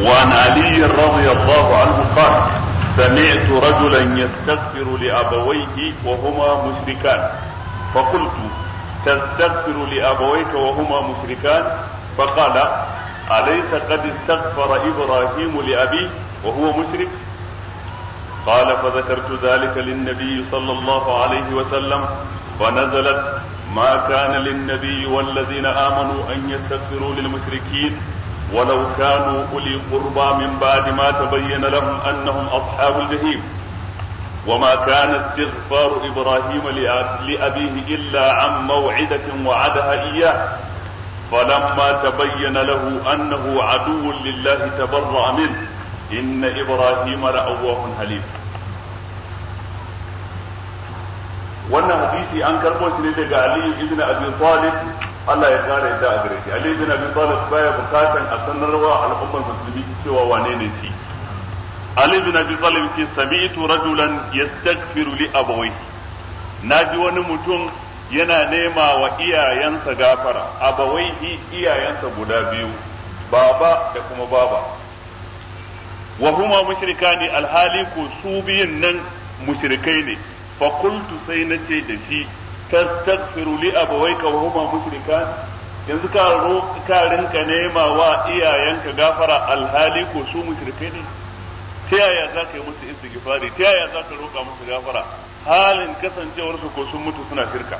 وعن علي رضي الله عنه قال سمعت رجلا يستغفر لأبويه وهما مشركان فقلت تستغفر لأبويك وهما مشركان فقال أليس قد استغفر إبراهيم لأبيه وهو مشرك قال فذكرت ذلك للنبي صلى الله عليه وسلم فنزلت ما كان للنبي والذين آمنوا أن يستغفروا للمشركين ولو كانوا أولي قربى من بعد ما تبين لهم أنهم أصحاب الجحيم وما كان استغفار إبراهيم لأبيه إلا عن موعدة وعدها إياه فلما تبين له أنه عدو لله تبرأ منه إن إبراهيم لأواه حليم wannan hadisi an karbo shi ne daga Ali ibn Abi Talib Allah ya kare da a gare shi Ali bin Abi Talib baya bukatan a sanarwa al'ummar musulmi cewa wane ne shi Ali bin Abi Talib ce sami'tu rajulan yastaghfiru li abawayhi naji wani mutum yana nema wa iyayensa gafara abawayhi iyayensa guda biyu baba da kuma baba wa huma mushrikani alhali ko su biyun nan mushrikai ne fa qultu sai nace da shi تستغفر لأبويك وهما مشركان yanzu ka ro ka rinka nema wa iyayenka gafara alhali ko su mushrikai ne ta yaya za ka yi musu istighfari ta yaya za ka roƙa musu gafara halin kasancewarsu ko sun mutu suna shirka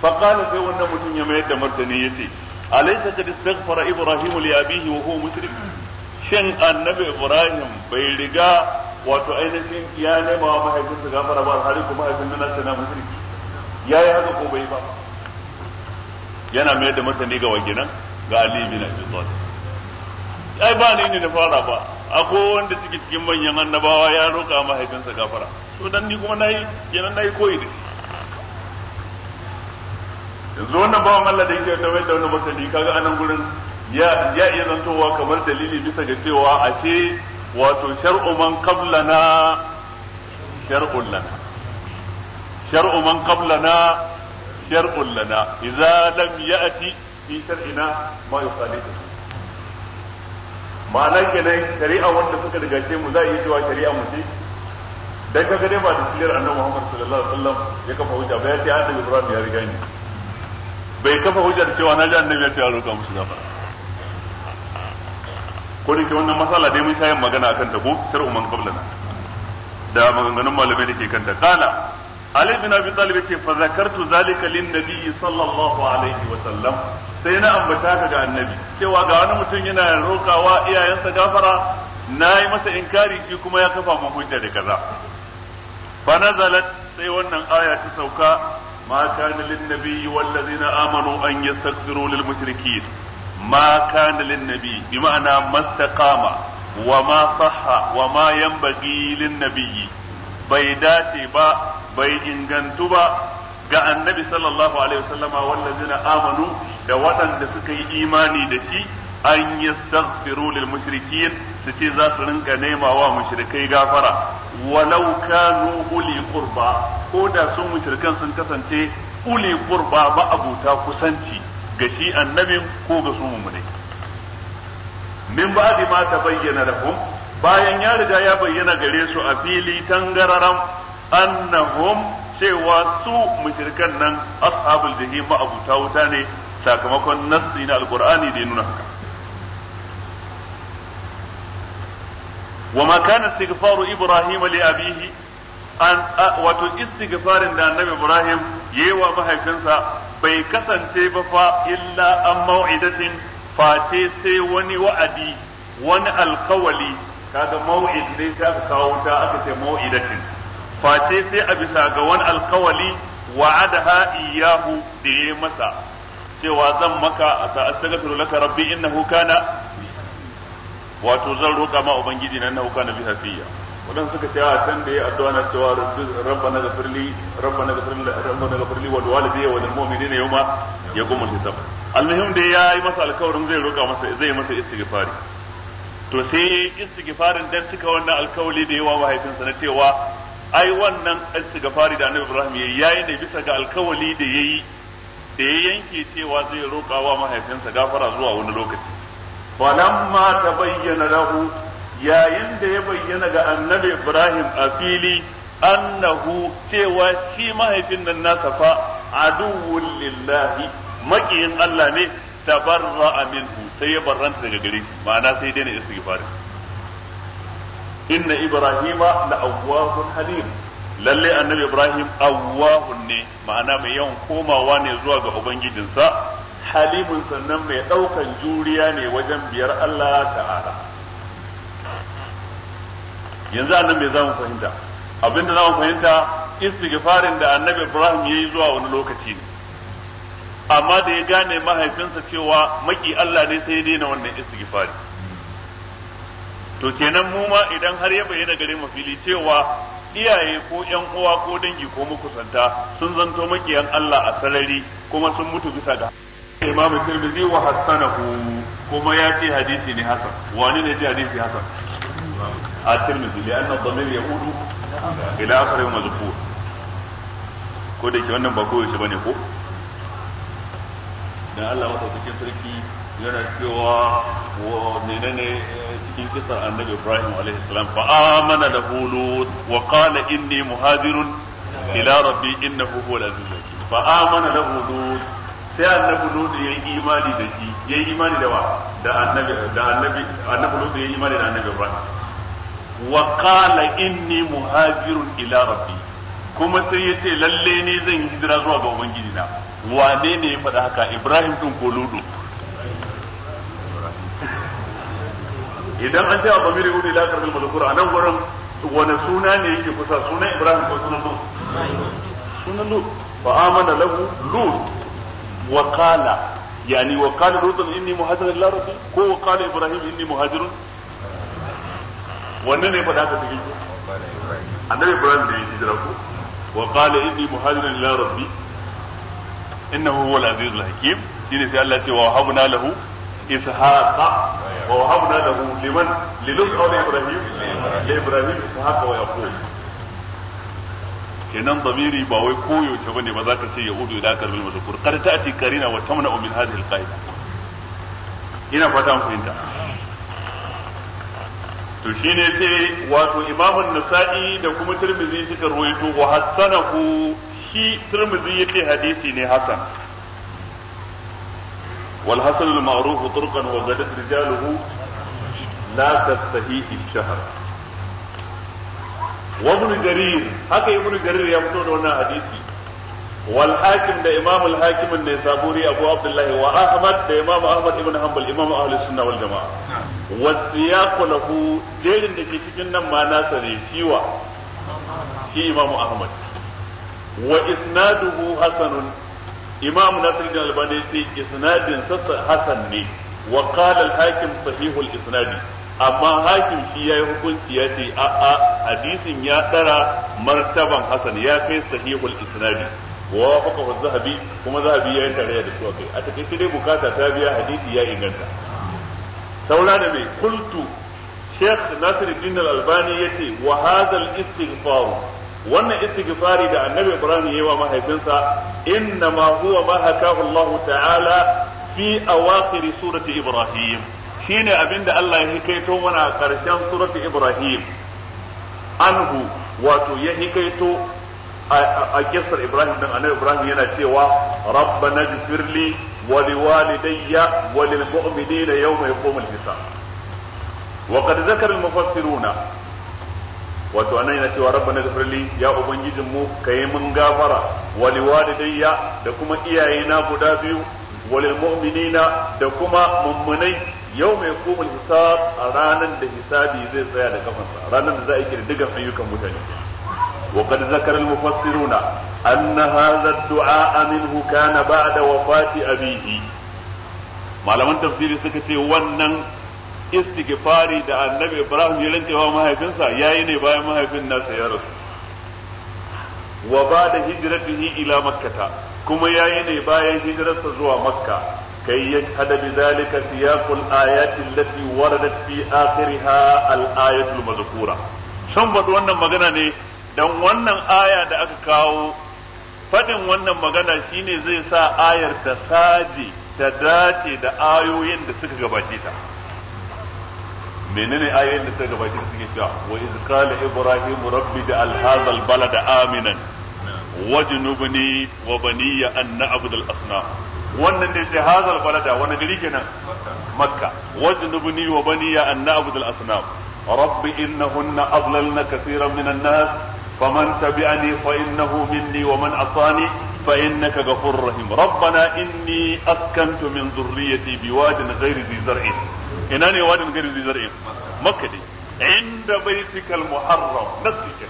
qala sai wannan mutum ya mayar da martani yace alaysa qad istaghfara ibrahimu li abihi wa huwa mushrik shin annabi ibrahim bai riga wato ainihin ya nema wa mahaifinsa gafara ba alhali kuma mahaifin nan na mushrik ya yi haka ko bai ba yana mayar da martani ga wakilan ga Ali bin Abi Talib ai ba ni ne da fara ba ko wanda suke cikin manyan annabawa ya roƙa mahaifinsa gafara to dan ni kuma nayi kenan nayi koyi da yanzu wannan bawan Allah da yake tawai da wani martani kaga anan gurin ya ya iya zantowa kamar dalili bisa ga cewa ashe wato shar'u man qablana shar'u lana shar'u man qablana shar'un lana idza lam ya'ti fi shar'ina ma yukhalifu ma'anar kenan shari'a wanda suka rigace mu za yi zuwa shari'a mu ce dan kaga dai ba da sirar annabi Muhammad sallallahu alaihi wasallam ya kafa hujja bai ya ce annabi Ibrahim ya riga ni bai kafa hujjar cewa na ji annabi ya ce ya roƙa musu gafara ko ne ke wannan masala dai mun sha yin magana akan ta ko shar'u man qablana da maganganun malamai da ke kanta kala Ali bin Abi Talib yace fa zakartu zalika lin nabiyyi sallallahu alaihi wa sallam sai na ambata ka ga annabi cewa ga wani mutum yana rokawa iyayensa gafara nayi masa inkari shi kuma ya kafa ma hujja da kaza fa nazalat sai wannan aya ta sauka ma kana lin nabiyyi wal ladzina amanu an yastaghfiru lil mushrikeen ma kana lin nabiyyi bi ma'ana mastaqama wa ma sahha wa ma yanbaghi lin nabiyyi bai dace ba bai ingantu ba ga annabi sallallahu alaihi wasallama wallazina amanu da waɗanda suka yi imani da shi an yastaghfiru lil mushrikin su ce za su rinka nema wa mushrikai gafara walau kanu uli qurba ko da su mushrikan sun kasance uli qurba ba abuta kusanci ga shi annabi ko ga su mumune min ba'di ma tabayyana lahum bayan ya riga ya bayyana gare su a fili tangararan annahum cewa su mushrikan nan ashabul jahim maabuta wuta ne sakamakon nassi na alqur'ani da ya nuna haka kana كان استغفار ابراهيم لابيه an wato istighfarin da annabi Ibrahim yayi wa mahaifinsa bai kasance ba fa illa an mau'idatin face sai wani wa'adi wani alkawali kaga mau'id dai ta kawo ta aka ce mau'idatin face sai a bisa ga wani alkawali wa'adaha iyahu da ya masa cewa zan maka a sa'astaghfiru laka rabbi innahu kana wato zan roƙa ma ubangiji na innahu kana bi hafiya wadan suka ce a can da ya addu'a na cewa rabbana ghafirli rabbana ghafirli rabbana ghafirli wa walidayya wa lil mu'minina yawma yaqumul hisab almuhim da ya yi masa alkawarin zai roƙa masa zai yi masa istighfari to sai istighfarin dan cika wannan alkawali da yawa mahaifinsa na cewa ai wannan istighfari da annabi Ibrahim yayi yayi ne bisa ga alkawali da yayi da ya yanke cewa zai roƙa wa mahaifinsa gafara zuwa wani lokaci falamma tabayyana lahu yayin da ya bayyana ga annabi Ibrahim a fili annahu cewa shi mahaifin nan nasa fa aduwwul lillahi maƙiyin Allah ne tabarra'a minhu sai ya barranta daga gare shi ma'ana sai dai ne istighfari inna ibrahima la awwahun halim lalle annabi ibrahim awwahun ne ma'ana mai yawan komawa ne zuwa ga ubangijinsa halimun sannan mai daukan juriya ne wajen biyar Allah ta'ala yanzu annabi me zamu fahimta abinda zamu fahimta istighfarin da annabi ibrahim yayi zuwa wani lokaci ne amma da ya gane mahaifinsa cewa maki Allah ne sai ya daina wannan istighfarin to kenan mu ma idan har ya bayyana gare mu fili cewa iyaye ko ƴan uwa ko dangi ko makusanta sun zanto makiyan Allah a sarari kuma sun mutu bisa ga Imam Tirmidhi wa hasanahu kuma ya ce hadisi ne hasan wani ne ce hadisi hasan a Tirmidhi li anna dhamir yaudu ila akhari mazkur ko da ke wannan ba shi bane ko dan Allah madaukakin sarki yana cewa menene eh, cikin kisar annabi Ibrahim alaihi salam fa amana da hulut wa qala inni muhajirun ila rabbi innahu huwal aziz hakim fa amana da hulut sai annabi lut ya yi imani da shi ya yi imani da wa da annabi da annabi annabi lut ya yi imani da annabi Ibrahim wa qala inni muhajirun ila rabbi kuma sai ya ce lalle ne zan hijira zuwa ga ubangiji na wane ne ya faɗa haka Ibrahim din ko Lutu idan an ja'a bamiri wuri ila karbil mazkur anan gurin wani suna ne yake kusa sunan ibrahim ko sunan lut sunan lut fa amana lahu lut wa qala yani wa qala lut inni muhajirun ila rabbi ko wa qala ibrahim inni muhajirun wannan ne faɗa ka cikin annabi ibrahim da ya hijira ko wa qala inni muhajirun ila rabbi innahu huwal azizul hakim shine sai Allah ya ce wa habna lahu إسحاق ووهبنا له لمن للوط لإبراهيم لإبراهيم إسحاق ويقول kenan zamiri ba wai koyo ta bane ba za ka ce da ila karbil mazkur kada ta ati karina wa tamna'u min hadhihi alqaida ina fata mun fahimta to shine sai wato imam an-nasa'i da kuma tirmidhi suka ruwaito wa hasanahu shi tirmidhi yake hadisi ne hasan والحسن المعروف طرقا وغدت رجاله لا تستهيه الشهر وابن جرير هكا ابن جرير يمتون هنا حديثي والحاكم ده امام الحاكم النيسابوري ابو عبد الله واحمد ده امام احمد بن حنبل امام اهل السنه والجماعه والسياق له جيرن da ke cikin nan ma nasa ne shiwa shi imam ahmad wa isnaduhu hasanun imam nasir da albani ya ce isnadin sassa hasan ne wakalar qala al-hakim sahihul isnadi amma hakim shi yayi hukunci ya ce a'a hadisin ya tsara martaban Hassan ya kai sahihul isnadi wa wafaqa az-zahabi kuma zahabi yayi tarayya da su akai a take dai bukata ta biya hadisi ya inganta saura da mai kultu Sheikh Nasiruddin Al-Albani yace wa hadha al-istighfar wannan istighfari da annabi Ibrahim ya yi wa mahaifinsa inna ma huwa ma hakahu Allah ta'ala fi awakhir surati Ibrahim shine abinda Allah ya hikaito mana karshen surati Ibrahim anhu wato ya hikaito a kisar Ibrahim dan annabi Ibrahim yana cewa rabbana ighfirli wa liwalidayya wa lil mu'minina yawma yaqumul hisab وقد ذكر المفسرون wato anan yana cewa rabbana ghfirli ya ubangijin mu kai mun gafara wa liwalidayya da kuma iyayena guda biyu walil mu'minina da kuma mummunai yau mai kumul hisab a ranar da hisabi zai tsaya da kafansa ranar da za a yi kirdigan ayyukan mutane wa qad zakara al mufassiruna anna hadha ad-du'a minhu kana ba'da wafati abihi malaman tafsiri suka ce wannan istighfari da annabi ibrahim ya rinka wa mahaifinsa yayi ne bayan mahaifin nasa ya rasu wa ba da hijratihi ila makkata kuma yayi ne bayan hijirarsa zuwa makka kai ya hada bi zalika siyaqul ayati allati waradat fi akhiriha al ayatul mazkura san ba wannan magana ne dan wannan aya da aka kawo fadin wannan magana shine zai sa ayar ta saje ta dace da ayoyin da suka gabace ta menene ayoyin da suka gabace da suke cewa wa iz qala ibrahim rabbi ja'al hadha al balada aminan wajnubni wa baniya an na'budu al asnam wannan ne sai hadha al balada wani gari kenan makka wajnubni wa baniya an na'budu al asnam rabbi innahunna adlalna kaseeran min an-nas فمن تبعني فإنه مني ومن عصاني فإنك غفور رحيم ربنا إني أسكنت من ذريتي بواد غير ذي زرع ina ne wadin gari zai makka dai inda baitikal muharram nasike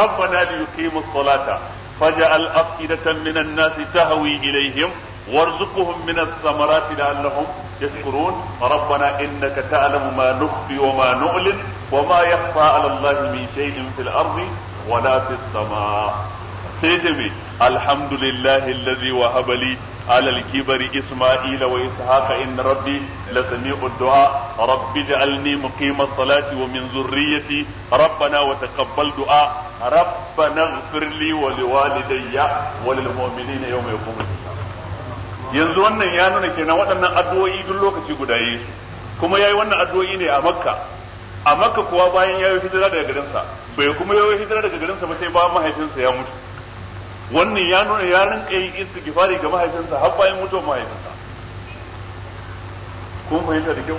rabbana li yuqimu as-salata faj'al afidatan min an-nas tahwi ilayhim وارزقهم من الثمرات لعلهم يشكرون ربنا انك تعلم ما نخفي وما نعلن وما يخفى الحمد لله الذي وهب لي على الكبر إسماعيل وإسحاق إن ربي لسميع الدعاء رب اجعلني مقيم الصلاة ومن ذريتي ربنا وتقبل دعاء ربنا اغفر لي ولوالدي وللمؤمنين يوم يقوم الحساب yanzu wannan ya nuna kenan waɗannan addu'o'i duk lokaci guda yi kuma yayi wannan addu'o'i ne a makka a makka kuwa bayan yayi hijira daga garinsa bai kuma yayi hijira daga garinsa ba sai ba mahaifinsa ya mutu wannan ya nuna ya rinka yin istighfari ga mahaifinsa har bayan mutuwar mahaifinsa kun fahimta da kyau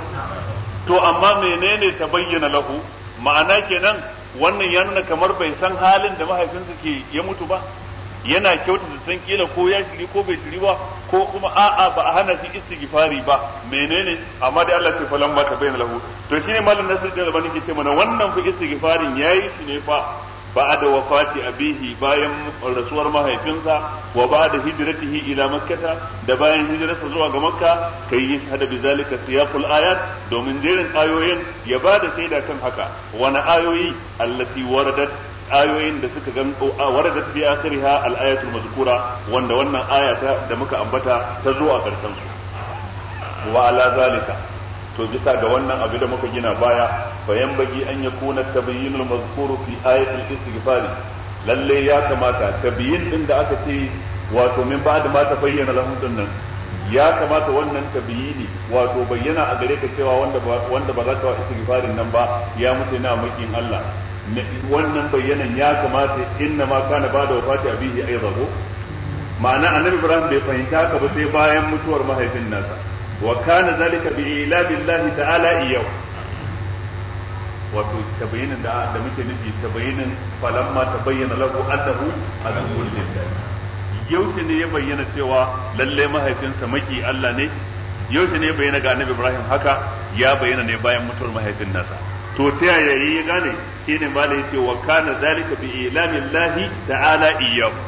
to amma menene ta bayyana lahu ma'ana kenan wannan ya nuna kamar bai san halin da mahaifinsa ke ya mutu ba yana kyauta da san kila ko ya shiri ko bai shiri ba ko kuma a'a ba a hana shi istighfari ba menene amma dai Allah ya falan ta bayyana lahu to shine malam Nasir da bani ke ce mana wannan fa istighfarin yayi shi ne fa ba'da wafati bihi bayan rasuwar mahaifinsa wa ba'da hijratihi ila makkata da bayan hijirarsa zuwa ga makka kai yi hada bi zalika siyaqul ayat domin jerin ayoyin ya bada shaida kan haka wani ayoyi allati waradat ayoyin da suka gan waradat bi akhiriha al ayatul mazkura wanda wannan ayata da muka ambata ta zo a karshen su ala zalika to bisa ga wannan abu da muka gina baya yan bagi an ya kuna tabayyinul mazkur fi ayatul istighfar lalle ya kamata tabiyin din da aka ce wato min ba da ma ta bayyana lahum nan ya kamata wannan tabiyini wato bayyana a gare ka cewa wanda wanda ba za ka wa istighfarin nan ba ya mutu na makin Allah wannan bayyanan ya kamata inna ma kana ba da wafati abihi aizahu ma'ana annabi Ibrahim bai fahimta ka ba sai bayan mutuwar mahaifin nasa wa kana zalika bi ila billahi ta'ala iyau. wato tabayyinin da da muke nufi tabayyinin falamma tabayyana lahu annahu azabul lillahi yaushe ne ya bayyana cewa lalle mahaifinsa maki Allah ne yaushe ne bayyana ga annabi Ibrahim haka ya bayyana ne bayan mutuwar mahaifin nasa to ta yaya yayi ya gane shine malai yace wa kana zalika bi ilamillahi ta'ala iyyahu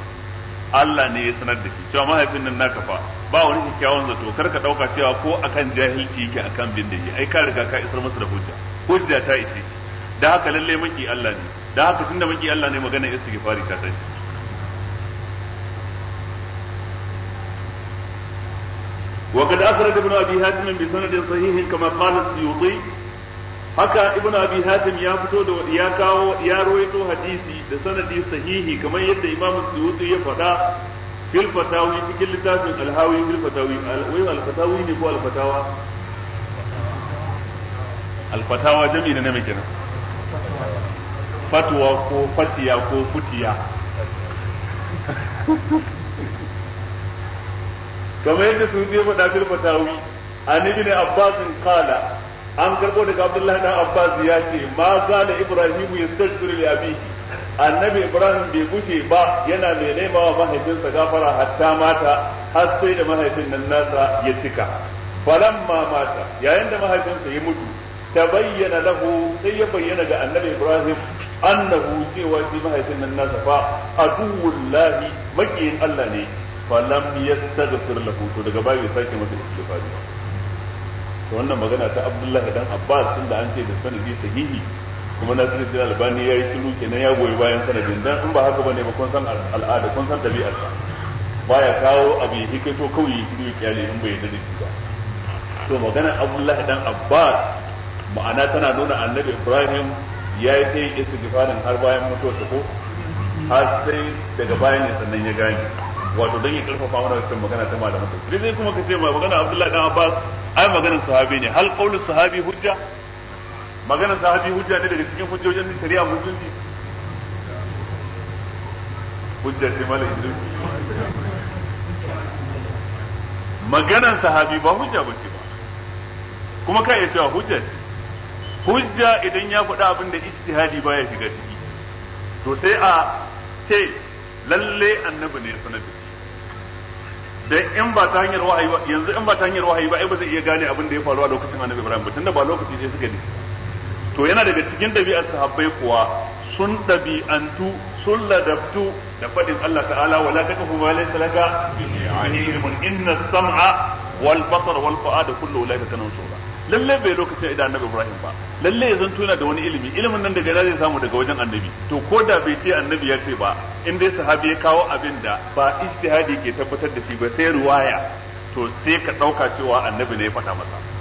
Allah ne ya sanar da shi cewa mahaifin nan naka fa ba wani kyakkyawan zato kar ka dauka cewa ko akan jahilci yake akan bin da yake ai ka riga ka isar masa da hujja hujja ta ishe da haka lalle maki Allah ne da haka tunda maki Allah ne magana fari ta kad وقد ibn abi hatim bi sanadin صحيح kama qala السيوطي haka ibn abi hatim ya fito da ya kawo ya rawaito hadisi da sanadi sahihi kamar yadda imam suyuti ya faɗa fil fatawi cikin littafin alhawi fil fatawi wai fatawi ne ko alfatawa alfatawa jami'i na mai kenan fatwa ko fatiya ko futiya kamar yadda su ne faɗa fil fatawi an ibn abbas qala an karbo daga abdullahi dan abbas ya ce ma zala ibrahim yastajiru li abihi annabi ibrahim bai gushe ba yana mai nema wa mahaifinsa gafara hatta mata har sai da mahaifin nan nasa ya cika falamma mata yayin da mahaifinsa ya mutu bayyana lahu sai ya bayyana ga annabi ibrahim annahu cewa shi mahaifin nan nasa fa aduwullahi makiyin allah ne falam yastaghfir lahu to daga baya ya sake masa istighfari to wannan magana ta abdullahi dan abbas tunda an ce da sanadi sahihi kuma na sun jira albani ya yi tulu kenan ya goyi bayan sanadin dan in ba haka bane ba kun san al'ada kun san tabi'ar sa baya kawo abi to kawai ya shiru kyale in bai yarda da shi ba to magana Abdullahi dan Abbas ma'ana tana nuna annabi Ibrahim ya yi sai istighfarin har bayan ta ko har sai daga bayan ne sannan ya gane wato dan ya karfafa mana cikin magana ta malamin sai kuma ka ce magana Abdullahi dan Abbas ai maganar sahabi ne hal qaulu sahabi hujja maganar sahabi hujja ne daga cikin hujjojin shari'a musulunci hujja ce mala idris maganar sahabi ba hujja ba ce ba kuma ka iya cewa hujja ce hujja idan ya faɗi abin da ijtihadi baya shiga ciki to sai a ce lalle annabi ne sanar da dan in ba ta hanyar wahayi ba yanzu in ba ta hanyar wahayi ba ai ba zai iya gane abin da ya faru a lokacin annabi Ibrahim ba tunda ba lokaci sai suka ne to yana daga cikin ɗabi'ar sahabbai kuwa sun ɗabi'antu sun ladabtu da faɗin Allah ta'ala wala taqfu ma laysa laka ilmun inna sam'a wal basar wal fu'ada kullu ulaika kana lalle bai lokacin idan annabi Ibrahim ba lalle ya zanto yana da wani ilimi ilimin nan daga zai samu daga wajen annabi to ko da bai ce annabi ya ce ba in dai sahabi ya kawo abin da ba ijtihadi ke tabbatar da shi ba sai ruwaya to sai ka ɗauka cewa annabi ne ya faɗa masa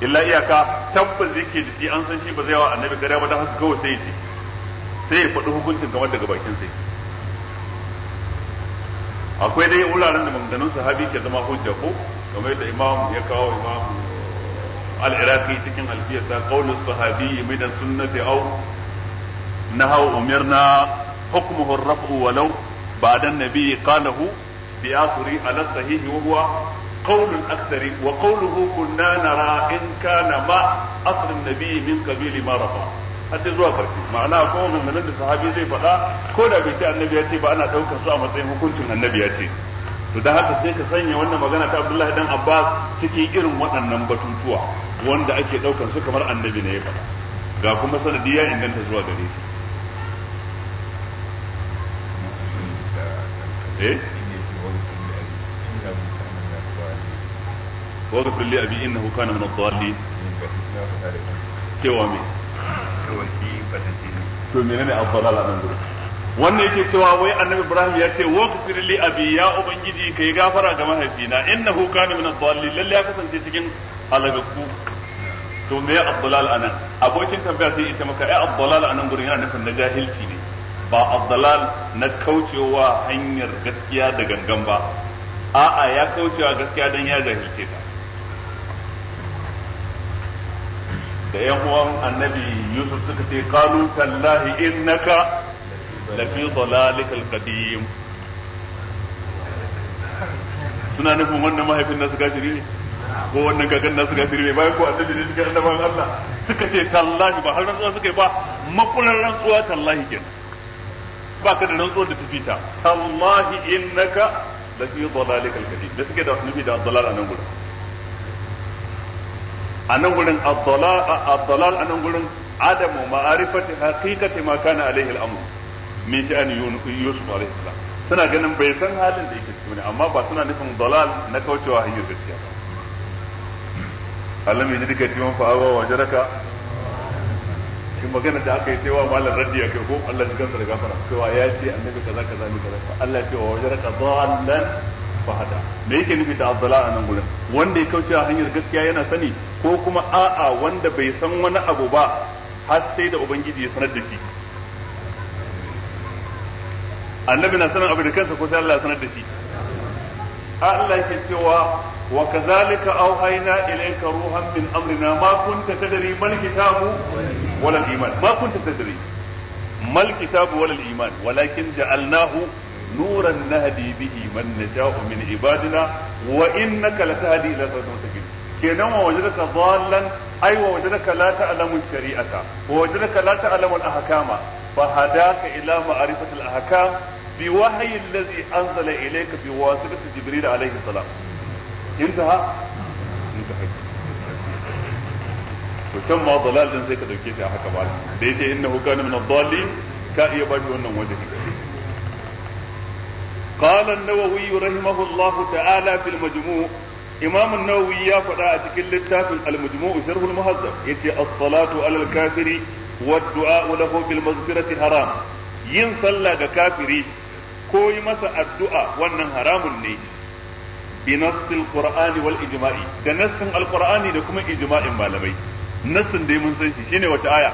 illa iyaka tabbas yake da shi an san shi ba zai wa annabi kariya ba da haka kawai sai ji sai ya faɗi hukuncin kamar daga bakin sai akwai dai wuraren da maganganun sahabi ke zama hujja ko kamar da imam ya kawo imam al-iraqi cikin alfiyar sa qaulus sahabi min sunnati aw nahaw umirna hukmuhu ar-raf'u walau ba'da an-nabi qalahu bi ala sahihi wa huwa قول الأكثر وقوله كنا نرى إن كان ما أصل النبي من قبيل ما رفع hatta zuwa farki ma'ana kuma mummunan sahabi zai faɗa ko da bai ce annabi ya ce ba ana ɗaukar su a matsayin hukuncin annabi ya ce to dan haka sai ka sanya wannan magana ta Abdullahi dan Abbas cikin irin waɗannan batutuwa wanda ake ɗaukar su kamar annabi na ya faɗa ga kuma sanadi ya inganta zuwa gare shi وغفر لي أبي إنه كان من min كوامي dallin cewa me to menene ad-dallala wannan yake cewa wai annabi ibrahim ya ce wa ghfir li abi ya ubangiji kai gafara ga mahaifina innahu kana min ad-dallin lalle ya kasance cikin halakakku to me ya ad anan abokin tambaya sai ita maka ai ad anan gurin yana nufin na jahilci ne ba abdalal na kaucewa hanyar gaskiya da gangan ba a'a ya kaucewa gaskiya don ya jahilce ta da yan uwan annabi yusuf suka ce qalu tallahi innaka lafi dalalikal qadim suna nufin wannan mahaifin nasu gashiri ne ko wannan kakan nasu gashiri ne bayan ko annabi ne cikin annabawan Allah suka ce tallahi ba har rantsuwa suka yi ba makulan rantsuwa tallahi kenan ba ka da rantsuwar da tafi ta tallahi innaka lafi dalalikal qadim da suke da nufi da dalala nan gurin a nan gurin ad-dalal a nan gurin adamu ma'arifati haqiqati ma kana alaihi al-amr min sha'ani yusuf alaihi salam suna ganin bai san halin da yake cikin amma ba suna nufin dalal na kaucewa hanyar gaskiya ba Allah mai jidika timan fa'awa wa jaraka shi magana da aka yi cewa malam raddi ya kai ko Allah ji kansa da gafara cewa ya ce annabi kaza kaza ne kaza Allah ce wa wajaraka dallan fahada me yake nufi da abdala a nan gurin wanda ya kaucewa hanyar gaskiya yana sani ko kuma a'a wanda bai san wani abu ba har sai da ubangiji ya sanar da shi annabi na sanar abu da kansa ko sai Allah ya sanar da shi Allah yake cewa wa kazalika auhayna ilayka ruhan min amrina ma kunta tadri mal kitabu wala iman ma kunta tadri mal kitabu wala iman walakin ja'alnahu nuran nahdi bihi man nasha'u min ibadina wa innaka latahdi ila siratin mustaqim kenan wa wajadaka dhallan ay wa wajadaka la ta'lamu shari'ata wa wajadaka la ta'lamu al-ahkama fa hadaka ila ma'rifati al-ahkam bi wahyi alladhi anzala ilayka bi wasitati jibril alayhi salam intaha intaha to can ma dalal din sai ka dauke ta haka ba da yace innahu kana min ad-dallin ka iya bashi wannan wajen قال النووي رحمه الله تعالى في المجموع imam nawawi ya faɗa a cikin littafin al-majmu' sharh al-muhazzab yace as-salatu kafiri wa du'a lahu bil maghfirati haram yin sallah da kafiri koyi masa addu'a wannan haramun ne bi nassil qur'ani wal ijma'i da nassin al-qur'ani da kuma malamai mun san shi wata aya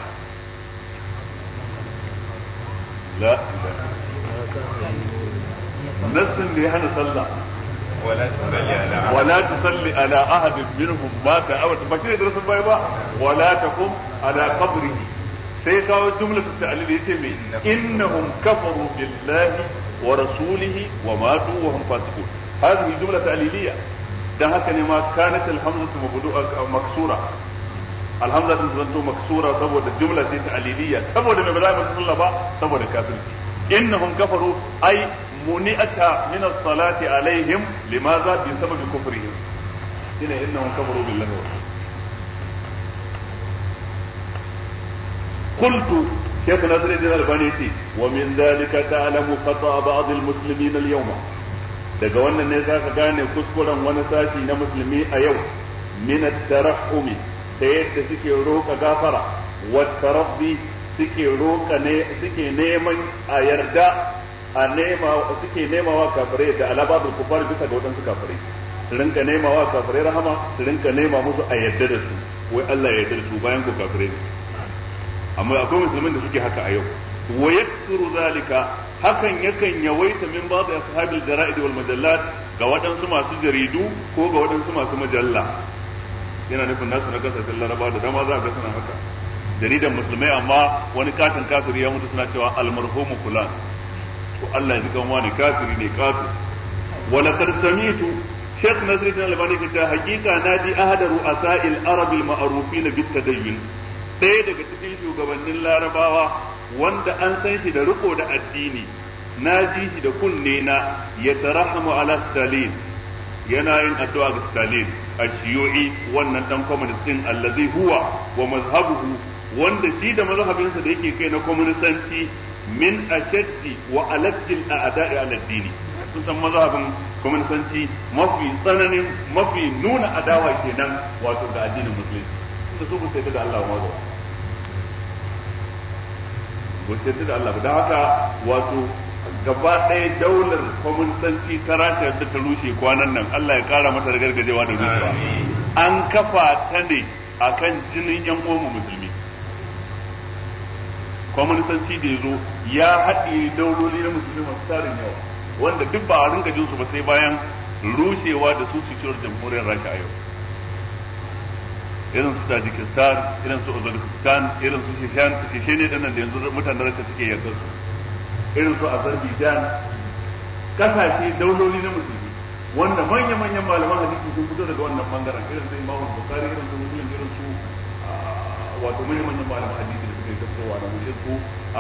da ya hana sallah ولا تصلي على أحد منهم مات أبدا بشير درس بايبا ولا تقم على قبره sai kawo jumla ta ta'alil yace me innahum kafaru billahi wa rasulihi wa matu wa hum fasiqun hadhihi jumla ta'liliya dan haka ne ma kanat alhamzatu mabdu'a maksura alhamza din zanto maksura saboda jumla ce ta'liliya saboda ai muni'ata min as-salati alaihim limaza bi sababi kufrihim ina innahum kafaru billahi wa شيخ ناصر الدين الألباني ومن ذلك تعلم خطأ بعض المسلمين اليوم daga wannan ne zaka gane kuskuren wani sashi na musulmi a yau min tarahumi da yadda suke roƙa gafara suke neman a yarda a nema suke nema wa kafirai da alababul kufar bisa ga wadansu kafirai su rinka wa kafirai rahama su rinka nema musu a yadda da su wai Allah ya yarda da su bayan ko kafirai ne amma akwai musulmin da suke haka a yau wa yaksuru zalika hakan yakan yawaita min ba'd ashabil jara'id wal majallat ga waɗansu masu jaridu ko ga waɗansu masu majalla yana nufin nasu na sallar ba da dama za ka suna haka jaridan musulmai amma wani katin kafiri ya mutu suna cewa al-marhumu fulan to Allah ji kan wani kafiri ne kafir wala tarsamitu Sheikh Nasiruddin Albani ke ta hakika na ji ahadaru asail arab ma'arufi na bitta dayin? ɗaya daga cikin shugabannin larabawa wanda an san shi da riko da addini na ji shi da kunne na ya tarahamu ala stalin yana yin addu'a ga stalin a shiyoyi wannan dan communist din allazi huwa wa mazhabuhu wanda shi da mazhabinsa da yake kai na communistanci min ashaddi wa aladdil a'da'i ala dini sun san mazhabin kwaminisanci mafi tsananin mafi nuna adawa kenan wato ga addinin musulunci da su ku sai da Allah ma zuwa ku sai da Allah da haka wato gaba ɗaya daular kwaminisanci ta rata da ta rushe kwanan nan Allah ya kara mata da gargajewa da rushewa an kafa ta ne akan jinin yan uwan musulmi kwamunisanci da ya zo ya haɗe dauloli na musulmi masu tarin yawa wanda duk ba a rinka jinsu ba sai bayan rushewa da su cikin jamhuriyar rasha yau irin su tajikistan irin su uzbekistan irin su shishan shishe ne da yanzu mutanen rasha suke yarda su irin su azerbaijan kasashe dauloli na musulmi wanda manya-manyan malaman hadisi sun fito daga wannan bangaren irin su imamu bukari irin su muslim irin su ah, wato manya-manyan malaman hadisi shakko wa na mushakku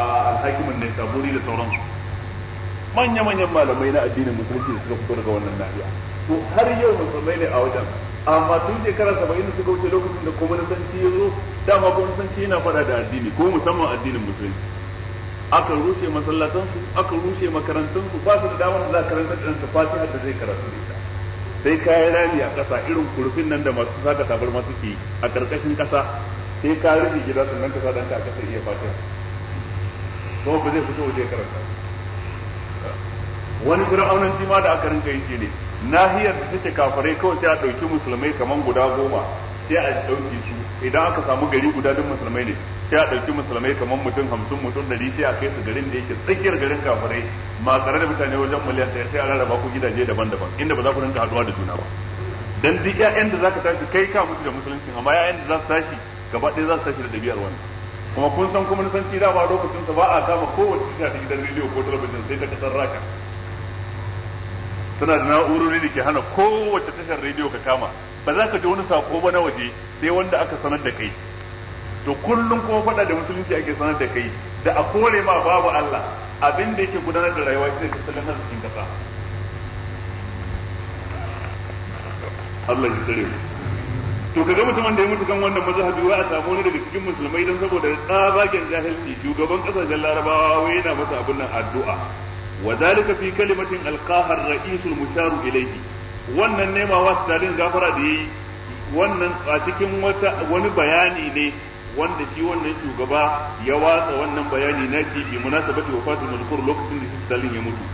a alhakimin ne saburi da sauransu manya-manyan malamai na addinin musulunci da suka fito daga wannan nahiya to har yau musulmai ne a wajen amma tun shekara saba'in suka wuce lokacin da kuma kwamanisanci ya zo dama kwamanisanci yana fada da addini ko musamman addinin musulunci aka rushe masallatansu aka rushe makarantansu ba su da damar za a karanta da ɗansa fatiha da zai karatu da ita sai kayan rami a ƙasa irin kurfin nan da masu saka masu ke a ƙarƙashin ƙasa sai ka rufe gida sannan ka sa ɗanka a ƙasa iya fatiha kuma ba zai fito waje karanta wani fir'aunan jima da aka rinka yake ne nahiyar da take kafare kawai sai a ɗauki musulmai kaman guda goma sai a ɗauki su idan aka samu gari guda duk musulmai ne sai a ɗauki musulmai kaman mutum hamsin mutum ɗari sai a kai su garin da yake tsakiyar garin kafare ma tsare da mutane wajen miliyan ɗaya sai a rarraba ku gidaje daban-daban inda ba za ku rinka haɗuwa da juna ba dan duk ƴaƴan da zaka tashi kai ka mutu da musulunci amma ƴaƴan da za su tashi gaba ɗaya za su tashi da ɗabi'ar wani kuma kun san kuma nisan ci dama lokacin sa ba a kama kowace tasha ta gidan rediyo ko talabijin sai ta kasar raka tana da na'urori da ke hana kowace tashar rediyo ka kama ba za ka ji wani sako ba na waje sai wanda aka sanar da kai to kullum kuma faɗa da musulunci ake sanar da kai da a kore ma babu Allah abin da yake gudanar da rayuwa shi ne tattalin arzikin kasa Allah ya tsare mu to kaga mutumin da ya mutu kan wannan mazhabi wai a samu ne daga cikin musulmai dan saboda tsabagen jahilci shugaban kasashen larabawa wai yana masa abin nan addu'a wa zalika fi kalimatin alqaha ar-ra'isul musharu ilayhi wannan nema wa Stalin gafara da yayi wannan a cikin wata wani bayani ne wanda shi wannan shugaba ya watsa wannan bayani na shi bi munasabati wafatul mazkur lokacin da shi Stalin ya mutu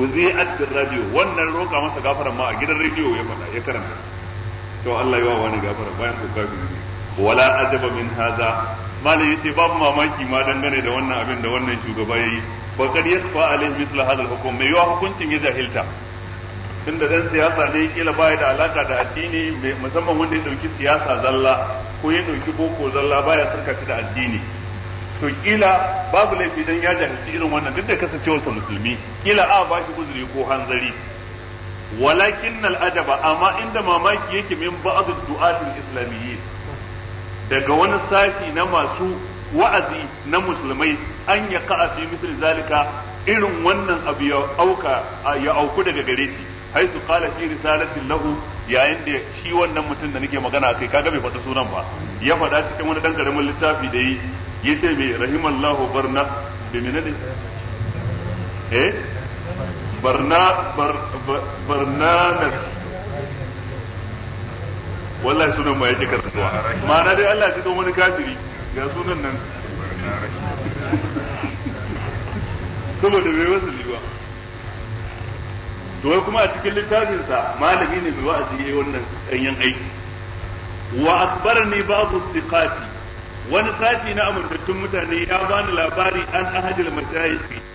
uzi at radio wannan roka masa gafaran ma a gidan radio ya fada ya karanta to Allah ya wa wani gafara bayan ko kafiri ne wala adaba min hadha mali yace babu mamaki ma dangane da wannan abin da wannan shugaba yayi fa kad yasfa alaihi mithla hadha al-hukm mai yawa hukuncin ya jahilta tunda dan siyasa ne kila baya da alaka da addini musamman wanda ya dauki siyasa zalla ko ya dauki boko zalla baya sarka da addini to kila babu laifi dan ya jahilci irin wannan duk da kasancewarsa musulmi kila a ba shi guzuri ko hanzari walakin al'ajaba amma inda mamaki yake min ba'd du'atul islamiyyi daga wani sashi na masu wa'azi na musulmai an ya ka'a fi misal zalika irin wannan abu ya auka ya auku daga gare shi haisu qala fi risalatin lahu yayin da shi wannan mutum da nake magana kai kaga bai faɗi sunan ba ya faɗa cikin wani dan karamin littafi da yi yace mai rahimallahu barna bi minadi eh barna barnanas wallahi sunan ma yake karantuwa ma'ana dai Allah ya wani kafiri ga sunan nan saboda bai wasu liwa to kuma a cikin littafinsa malami ne bai wa'azi yayi wannan ɗanyen aiki wa akbarani babu siqati wani sati na amintattun mutane ya bani labari an ahadil mashayikh